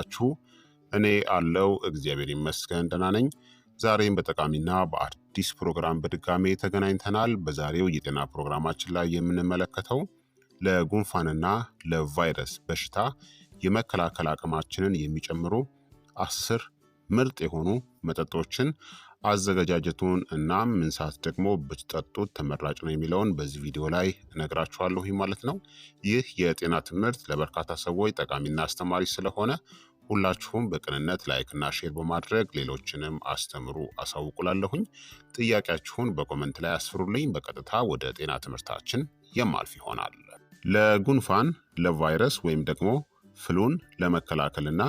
ናችሁ? እኔ አለው እግዚአብሔር ይመስገን ደህና ነኝ። ዛሬም በጠቃሚና በአዲስ ፕሮግራም በድጋሜ ተገናኝተናል። በዛሬው የጤና ፕሮግራማችን ላይ የምንመለከተው ለጉንፋንና ለቫይረስ በሽታ የመከላከል አቅማችንን የሚጨምሩ አስር ምርጥ የሆኑ መጠጦችን አዘገጃጀቱን እናም ምን ሰዓት ደግሞ ብትጠጡት ተመራጭ ነው የሚለውን በዚህ ቪዲዮ ላይ እነግራችኋለሁ ማለት ነው። ይህ የጤና ትምህርት ለበርካታ ሰዎች ጠቃሚና አስተማሪ ስለሆነ ሁላችሁም በቅንነት ላይክና ሼር በማድረግ ሌሎችንም አስተምሩ አሳውቁላለሁኝ። ጥያቄያችሁን በኮመንት ላይ አስፍሩልኝ። በቀጥታ ወደ ጤና ትምህርታችን የማልፍ ይሆናል። ለጉንፋን ለቫይረስ ወይም ደግሞ ፍሉን ለመከላከልና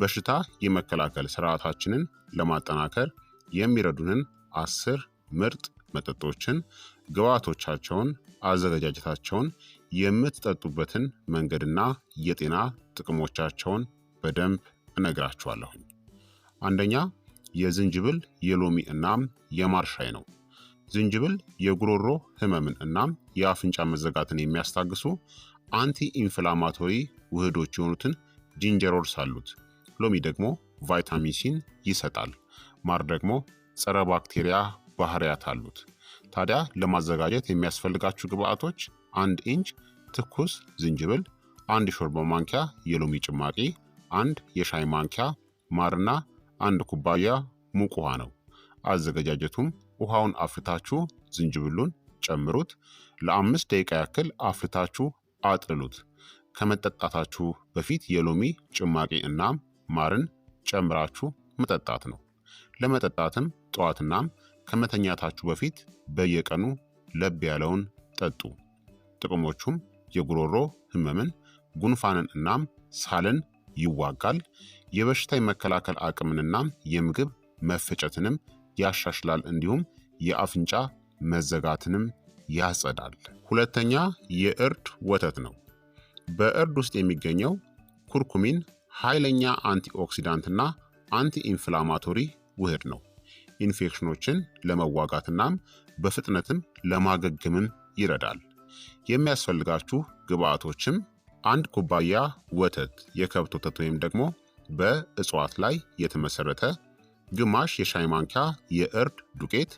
በሽታ የመከላከል ስርዓታችንን ለማጠናከር የሚረዱንን አስር ምርጥ መጠጦችን ግብዓቶቻቸውን፣ አዘገጃጀታቸውን፣ የምትጠጡበትን መንገድና የጤና ጥቅሞቻቸውን በደንብ እነግራችኋለሁኝ። አንደኛ የዝንጅብል የሎሚ እናም የማር ሻይ ነው። ዝንጅብል የጉሮሮ ህመምን እናም የአፍንጫ መዘጋትን የሚያስታግሱ አንቲ ኢንፍላማቶሪ ውህዶች የሆኑትን ጂንጀሮልስ አሉት። ሎሚ ደግሞ ቫይታሚን ሲን ይሰጣል። ማር ደግሞ ጸረ ባክቴሪያ ባህሪያት አሉት። ታዲያ ለማዘጋጀት የሚያስፈልጋችሁ ግብአቶች አንድ ኢንች ትኩስ ዝንጅብል፣ አንድ ሾርባ ማንኪያ የሎሚ ጭማቂ፣ አንድ የሻይ ማንኪያ ማርና አንድ ኩባያ ሙቅ ውሃ ነው። አዘገጃጀቱም ውሃውን አፍልታችሁ ዝንጅብሉን ጨምሩት። ለአምስት ደቂቃ ያክል አፍልታችሁ አጥልሉት። ከመጠጣታችሁ በፊት የሎሚ ጭማቂ እናም ማርን ጨምራችሁ መጠጣት ነው። ለመጠጣትም ጠዋትናም ከመተኛታችሁ በፊት በየቀኑ ለብ ያለውን ጠጡ። ጥቅሞቹም የጉሮሮ ህመምን፣ ጉንፋንን እናም ሳልን ይዋጋል፣ የበሽታ የመከላከል አቅምንና የምግብ መፈጨትንም ያሻሽላል፣ እንዲሁም የአፍንጫ መዘጋትንም ያጸዳል። ሁለተኛ የእርድ ወተት ነው። በእርድ ውስጥ የሚገኘው ኩርኩሚን ኃይለኛ አንቲኦክሲዳንትና አንቲኢንፍላማቶሪ ውህድ ነው። ኢንፌክሽኖችን ለመዋጋትናም በፍጥነትም ለማገግምም ይረዳል። የሚያስፈልጋችሁ ግብአቶችም አንድ ኩባያ ወተት የከብት ወተት ወይም ደግሞ በእጽዋት ላይ የተመሰረተ፣ ግማሽ የሻይ ማንኪያ የእርድ ዱቄት፣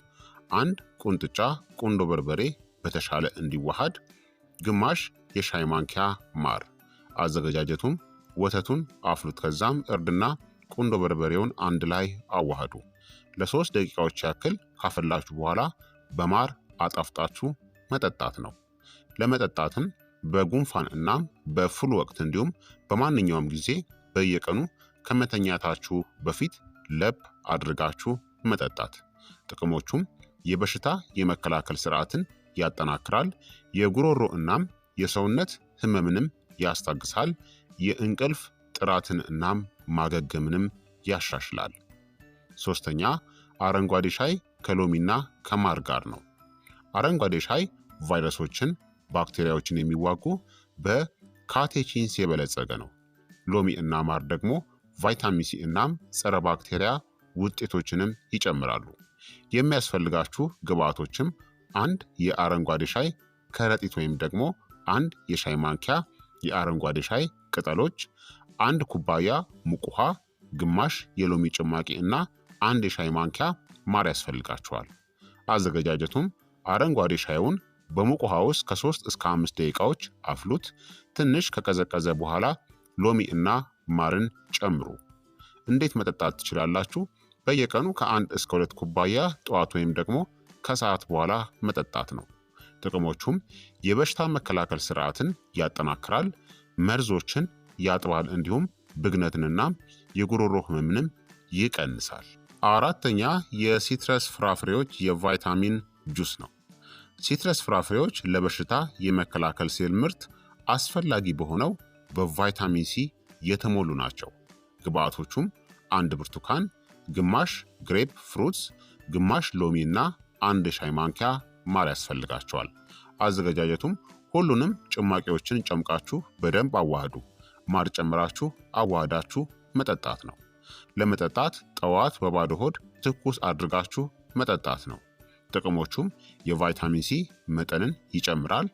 አንድ ቁንጥጫ ቁንዶ በርበሬ በተሻለ እንዲዋሃድ፣ ግማሽ የሻይ ማንኪያ ማር። አዘገጃጀቱም ወተቱን አፍሉት፣ ከዛም እርድና ቁንዶ በርበሬውን አንድ ላይ አዋህዱ። ለሶስት ደቂቃዎች ያክል ካፈላችሁ በኋላ በማር አጣፍጣችሁ መጠጣት ነው። ለመጠጣትም በጉንፋን እና በፍሉ ወቅት እንዲሁም በማንኛውም ጊዜ በየቀኑ ከመተኛታችሁ በፊት ለብ አድርጋችሁ መጠጣት። ጥቅሞቹም የበሽታ የመከላከል ስርዓትን ያጠናክራል፣ የጉሮሮ እናም የሰውነት ህመምንም ያስታግሳል፣ የእንቅልፍ ጥራትን እናም ማገገምንም ያሻሽላል። ሶስተኛ አረንጓዴ ሻይ ከሎሚና ከማር ጋር ነው። አረንጓዴ ሻይ ቫይረሶችን ባክቴሪያዎችን የሚዋጉ በካቴቺንስ የበለጸገ ነው። ሎሚ እና ማር ደግሞ ቫይታሚን ሲ እናም ጸረ ባክቴሪያ ውጤቶችንም ይጨምራሉ። የሚያስፈልጋችሁ ግብአቶችም አንድ የአረንጓዴ ሻይ ከረጢት ወይም ደግሞ አንድ የሻይ ማንኪያ የአረንጓዴ ሻይ ቅጠሎች፣ አንድ ኩባያ ሙቅ ውሃ፣ ግማሽ የሎሚ ጭማቂ እና አንድ የሻይ ማንኪያ ማር ያስፈልጋችኋል። አዘገጃጀቱም አረንጓዴ ሻይውን በሙቅ ውሃ ውስጥ ከሶስት እስከ አምስት ደቂቃዎች አፍሉት። ትንሽ ከቀዘቀዘ በኋላ ሎሚ እና ማርን ጨምሩ። እንዴት መጠጣት ትችላላችሁ? በየቀኑ ከአንድ እስከ ሁለት ኩባያ ጠዋት ወይም ደግሞ ከሰዓት በኋላ መጠጣት ነው። ጥቅሞቹም የበሽታ መከላከል ስርዓትን ያጠናክራል፣ መርዞችን ያጥባል፣ እንዲሁም ብግነትንና የጉሮሮ ህመምንም ይቀንሳል። አራተኛ የሲትረስ ፍራፍሬዎች የቫይታሚን ጁስ ነው። ሲትረስ ፍራፍሬዎች ለበሽታ የመከላከል ሴል ምርት አስፈላጊ በሆነው በቫይታሚን ሲ የተሞሉ ናቸው። ግብአቶቹም አንድ ብርቱካን፣ ግማሽ ግሬፕ ፍሩትስ፣ ግማሽ ሎሚ እና አንድ ሻይ ማንኪያ ማር ያስፈልጋቸዋል። አዘገጃጀቱም ሁሉንም ጭማቂዎችን ጨምቃችሁ በደንብ አዋህዱ። ማር ጨምራችሁ አዋህዳችሁ መጠጣት ነው። ለመጠጣት ጠዋት በባዶ ሆድ ትኩስ አድርጋችሁ መጠጣት ነው። ጥቅሞቹም የቫይታሚን ሲ መጠንን ይጨምራል፣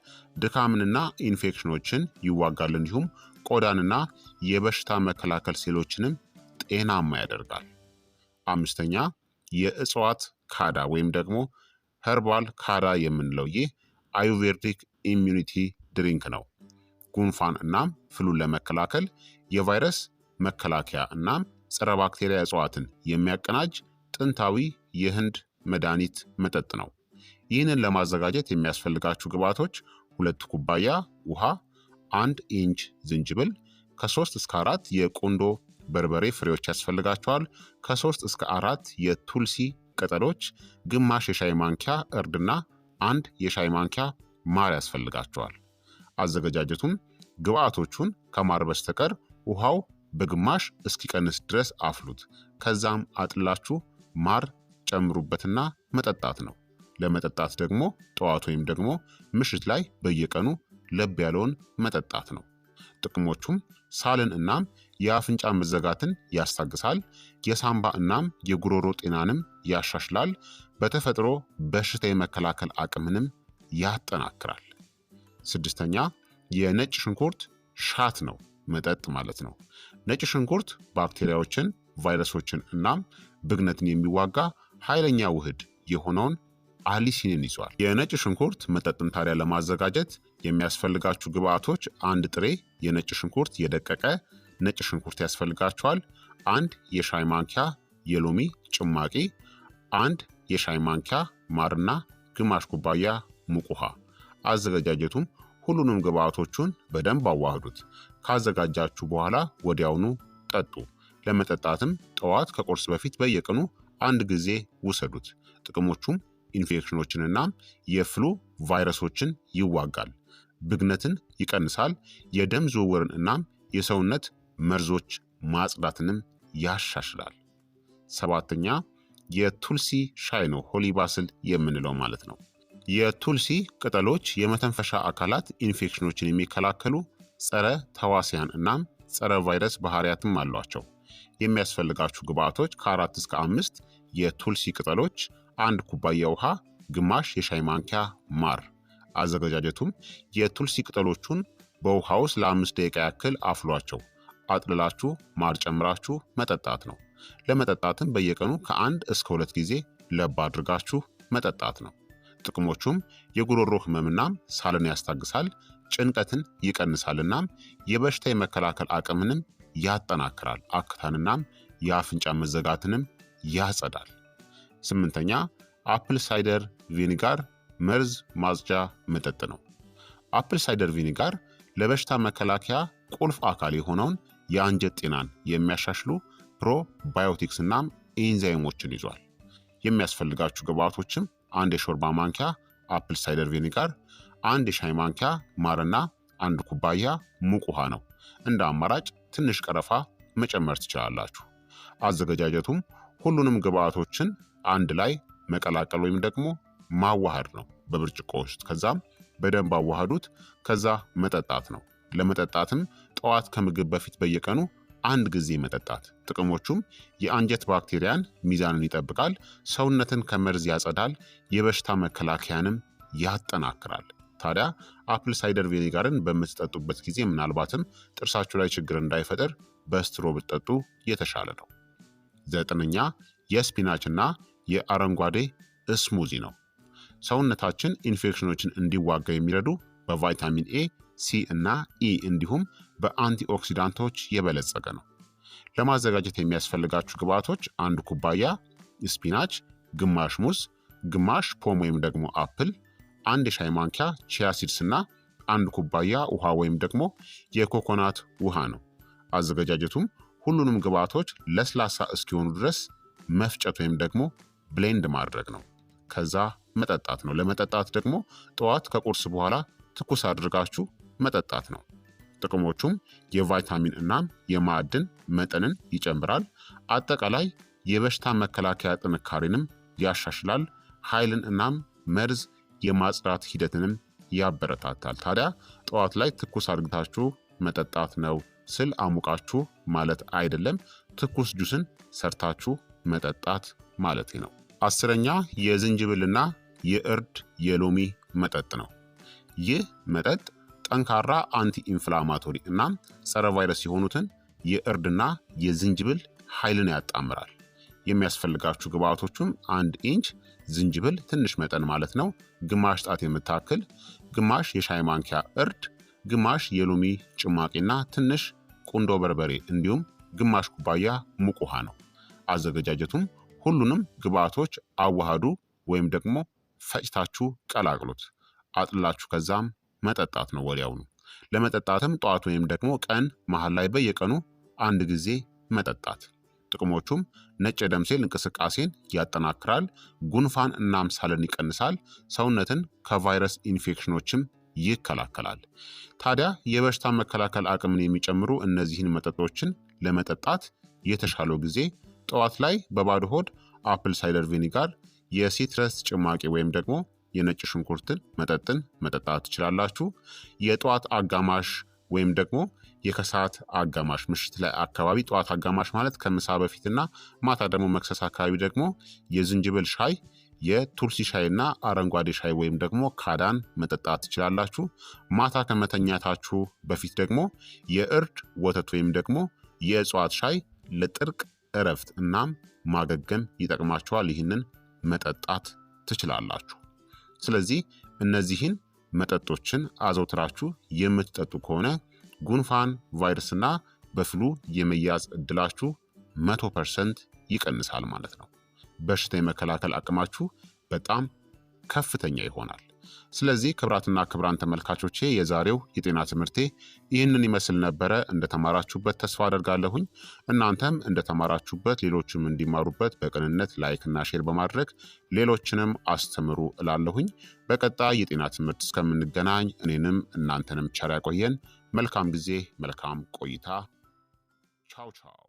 ድካምንና ኢንፌክሽኖችን ይዋጋል፣ እንዲሁም ቆዳንና የበሽታ መከላከል ሴሎችንም ጤናማ ያደርጋል። አምስተኛ የእጽዋት ካዳ ወይም ደግሞ ኸርባል ካዳ የምንለው ይህ አዩቬርዲክ ኢሚዩኒቲ ድሪንክ ነው። ጉንፋን እናም ፍሉን ለመከላከል የቫይረስ መከላከያ እናም ጸረ ባክቴሪያ እጽዋትን የሚያቀናጅ ጥንታዊ የህንድ መድኃኒት መጠጥ ነው። ይህንን ለማዘጋጀት የሚያስፈልጋችሁ ግብዓቶች ሁለት ኩባያ ውሃ፣ አንድ ኢንች ዝንጅብል፣ ከሶስት እስከ አራት የቁንዶ በርበሬ ፍሬዎች ያስፈልጋቸዋል። ከሶስት እስከ አራት የቱልሲ ቅጠሎች፣ ግማሽ የሻይ ማንኪያ እርድና አንድ የሻይ ማንኪያ ማር ያስፈልጋቸዋል። አዘገጃጀቱም ግብዓቶቹን ከማር በስተቀር ውሃው በግማሽ እስኪቀንስ ድረስ አፍሉት። ከዛም አጥላችሁ ማር ጨምሩበትና መጠጣት ነው። ለመጠጣት ደግሞ ጠዋት ወይም ደግሞ ምሽት ላይ በየቀኑ ለብ ያለውን መጠጣት ነው። ጥቅሞቹም ሳልን እናም የአፍንጫ መዘጋትን ያስታግሳል። የሳምባ እናም የጉሮሮ ጤናንም ያሻሽላል። በተፈጥሮ በሽታ የመከላከል አቅምንም ያጠናክራል። ስድስተኛ የነጭ ሽንኩርት ሻት ነው፣ መጠጥ ማለት ነው። ነጭ ሽንኩርት ባክቴሪያዎችን፣ ቫይረሶችን እናም ብግነትን የሚዋጋ ኃይለኛ ውህድ የሆነውን አሊሲንን ይዟል። የነጭ ሽንኩርት መጠጥን ታዲያ ለማዘጋጀት የሚያስፈልጋችሁ ግብአቶች አንድ ጥሬ የነጭ ሽንኩርት የደቀቀ ነጭ ሽንኩርት ያስፈልጋችኋል። አንድ የሻይ ማንኪያ የሎሚ ጭማቂ፣ አንድ የሻይ ማንኪያ ማርና ግማሽ ኩባያ ሙቅ ውሃ። አዘገጃጀቱም ሁሉንም ግብአቶቹን በደንብ አዋህዱት። ካዘጋጃችሁ በኋላ ወዲያውኑ ጠጡ። ለመጠጣትም ጠዋት ከቁርስ በፊት በየቀኑ አንድ ጊዜ ውሰዱት። ጥቅሞቹም ኢንፌክሽኖችንና የፍሉ ቫይረሶችን ይዋጋል፣ ብግነትን ይቀንሳል፣ የደም ዝውውርን እናም የሰውነት መርዞች ማጽዳትንም ያሻሽላል። ሰባተኛ የቱልሲ ሻይ ነው፣ ሆሊባስል የምንለው ማለት ነው። የቱልሲ ቅጠሎች የመተንፈሻ አካላት ኢንፌክሽኖችን የሚከላከሉ ጸረ ተዋሲያን እናም ጸረ ቫይረስ ባህሪያትም አሏቸው። የሚያስፈልጋችሁ ግብአቶች ከአራት እስከ አምስት የቱልሲ ቅጠሎች፣ አንድ ኩባያ ውሃ፣ ግማሽ የሻይ ማንኪያ ማር። አዘገጃጀቱም የቱልሲ ቅጠሎቹን በውሃ ውስጥ ለአምስት ደቂቃ ያክል አፍሏቸው አጥልላችሁ ማር ጨምራችሁ መጠጣት ነው። ለመጠጣትም በየቀኑ ከአንድ እስከ ሁለት ጊዜ ለብ አድርጋችሁ መጠጣት ነው። ጥቅሞቹም የጉሮሮ ህመምናም ሳልን ያስታግሳል፣ ጭንቀትን ይቀንሳልናም የበሽታ የመከላከል አቅምንም ያጠናክራል። አክታንናም የአፍንጫ መዘጋትንም ያጸዳል። ስምንተኛ አፕል ሳይደር ቪኒጋር መርዝ ማጽጃ መጠጥ ነው። አፕል ሳይደር ቪኒጋር ለበሽታ መከላከያ ቁልፍ አካል የሆነውን የአንጀት ጤናን የሚያሻሽሉ ፕሮባዮቲክስ እናም ኤንዛይሞችን ይዟል። የሚያስፈልጋችሁ ግብአቶችም አንድ የሾርባ ማንኪያ አፕል ሳይደር ቪኒጋር፣ አንድ የሻይ ማንኪያ ማርና አንድ ኩባያ ሙቅ ውሃ ነው። እንደ አማራጭ ትንሽ ቀረፋ መጨመር ትችላላችሁ። አዘገጃጀቱም ሁሉንም ግብአቶችን አንድ ላይ መቀላቀል ወይም ደግሞ ማዋሃድ ነው በብርጭቆ ውስጥ። ከዛም በደንብ አዋሃዱት። ከዛ መጠጣት ነው። ለመጠጣትም ጠዋት ከምግብ በፊት በየቀኑ አንድ ጊዜ መጠጣት። ጥቅሞቹም የአንጀት ባክቴሪያን ሚዛንን ይጠብቃል፣ ሰውነትን ከመርዝ ያጸዳል፣ የበሽታ መከላከያንም ያጠናክራል። ታዲያ አፕል ሳይደር ቪኒጋርን በምትጠጡበት ጊዜ ምናልባትም ጥርሳችሁ ላይ ችግር እንዳይፈጠር በስትሮ ብትጠጡ የተሻለ ነው። ዘጠነኛ የስፒናች እና የአረንጓዴ እስሙዚ ነው። ሰውነታችን ኢንፌክሽኖችን እንዲዋጋ የሚረዱ በቫይታሚን ኤ፣ ሲ እና ኢ እንዲሁም በአንቲኦክሲዳንቶች የበለጸገ ነው። ለማዘጋጀት የሚያስፈልጋችሁ ግብዓቶች አንድ ኩባያ ስፒናች፣ ግማሽ ሙዝ፣ ግማሽ ፖም ወይም ደግሞ አፕል፣ አንድ የሻይ ማንኪያ ቺያ ሲድስና አንድ ኩባያ ውሃ ወይም ደግሞ የኮኮናት ውሃ ነው። አዘገጃጀቱም ሁሉንም ግብአቶች ለስላሳ እስኪሆኑ ድረስ መፍጨት ወይም ደግሞ ብሌንድ ማድረግ ነው። ከዛ መጠጣት ነው። ለመጠጣት ደግሞ ጠዋት ከቁርስ በኋላ ትኩስ አድርጋችሁ መጠጣት ነው። ጥቅሞቹም የቫይታሚን እናም የማዕድን መጠንን ይጨምራል። አጠቃላይ የበሽታ መከላከያ ጥንካሬንም ያሻሽላል። ኃይልን እናም መርዝ የማጽዳት ሂደትንም ያበረታታል። ታዲያ ጠዋት ላይ ትኩስ አድግታችሁ መጠጣት ነው ስል አሙቃችሁ ማለት አይደለም፣ ትኩስ ጁስን ሰርታችሁ መጠጣት ማለት ነው። አስረኛ የዝንጅብልና የእርድ የሎሚ መጠጥ ነው። ይህ መጠጥ ጠንካራ አንቲ ኢንፍላማቶሪ እና ጸረ ቫይረስ የሆኑትን የእርድና የዝንጅብል ኃይልን ያጣምራል። የሚያስፈልጋችሁ ግብአቶቹም አንድ ኢንች ዝንጅብል ትንሽ መጠን ማለት ነው፣ ግማሽ ጣት የምታክል፣ ግማሽ የሻይ ማንኪያ እርድ፣ ግማሽ የሎሚ ጭማቂና ትንሽ ቁንዶ በርበሬ እንዲሁም ግማሽ ኩባያ ሙቅ ውሃ ነው። አዘገጃጀቱም ሁሉንም ግብአቶች አዋሃዱ ወይም ደግሞ ፈጭታችሁ ቀላቅሉት። አጥላችሁ ከዛም መጠጣት ነው ወዲያውኑ። ለመጠጣትም ጠዋት ወይም ደግሞ ቀን መሃል ላይ በየቀኑ አንድ ጊዜ መጠጣት ጥቅሞቹም ነጭ የደም ሴል እንቅስቃሴን ያጠናክራል፣ ጉንፋን እና አምሳልን ይቀንሳል፣ ሰውነትን ከቫይረስ ኢንፌክሽኖችም ይከላከላል። ታዲያ የበሽታ መከላከል አቅምን የሚጨምሩ እነዚህን መጠጦችን ለመጠጣት የተሻለው ጊዜ ጠዋት ላይ በባዶ ሆድ አፕል ሳይደር ቪኒጋር፣ የሲትረስ ጭማቂ ወይም ደግሞ የነጭ ሽንኩርትን መጠጥን መጠጣት ትችላላችሁ። የጠዋት አጋማሽ ወይም ደግሞ የከሰዓት አጋማሽ ምሽት ላይ አካባቢ፣ ጠዋት አጋማሽ ማለት ከምሳ በፊትና ማታ ደግሞ መክሰስ አካባቢ ደግሞ የዝንጅብል ሻይ የቱርሲ ሻይና አረንጓዴ ሻይ ወይም ደግሞ ካዳን መጠጣት ትችላላችሁ። ማታ ከመተኛታችሁ በፊት ደግሞ የእርድ ወተት ወይም ደግሞ የእጽዋት ሻይ ለጥርቅ እረፍት እናም ማገገም ይጠቅማችኋል። ይህንን መጠጣት ትችላላችሁ። ስለዚህ እነዚህን መጠጦችን አዘውትራችሁ የምትጠጡ ከሆነ ጉንፋን ቫይረስና በፍሉ የመያዝ እድላችሁ መቶ ፐርሰንት ይቀንሳል ማለት ነው። በሽታ የመከላከል አቅማችሁ በጣም ከፍተኛ ይሆናል። ስለዚህ ክብራትና ክብራን ተመልካቾቼ የዛሬው የጤና ትምህርቴ ይህንን ይመስል ነበረ። እንደተማራችሁበት ተስፋ አደርጋለሁኝ። እናንተም እንደተማራችሁበት ሌሎችም እንዲማሩበት በቅንነት ላይክና ሼር በማድረግ ሌሎችንም አስተምሩ እላለሁኝ። በቀጣይ የጤና ትምህርት እስከምንገናኝ እኔንም እናንተንም ቸር ያቆየን። መልካም ጊዜ፣ መልካም ቆይታ። ቻው ቻው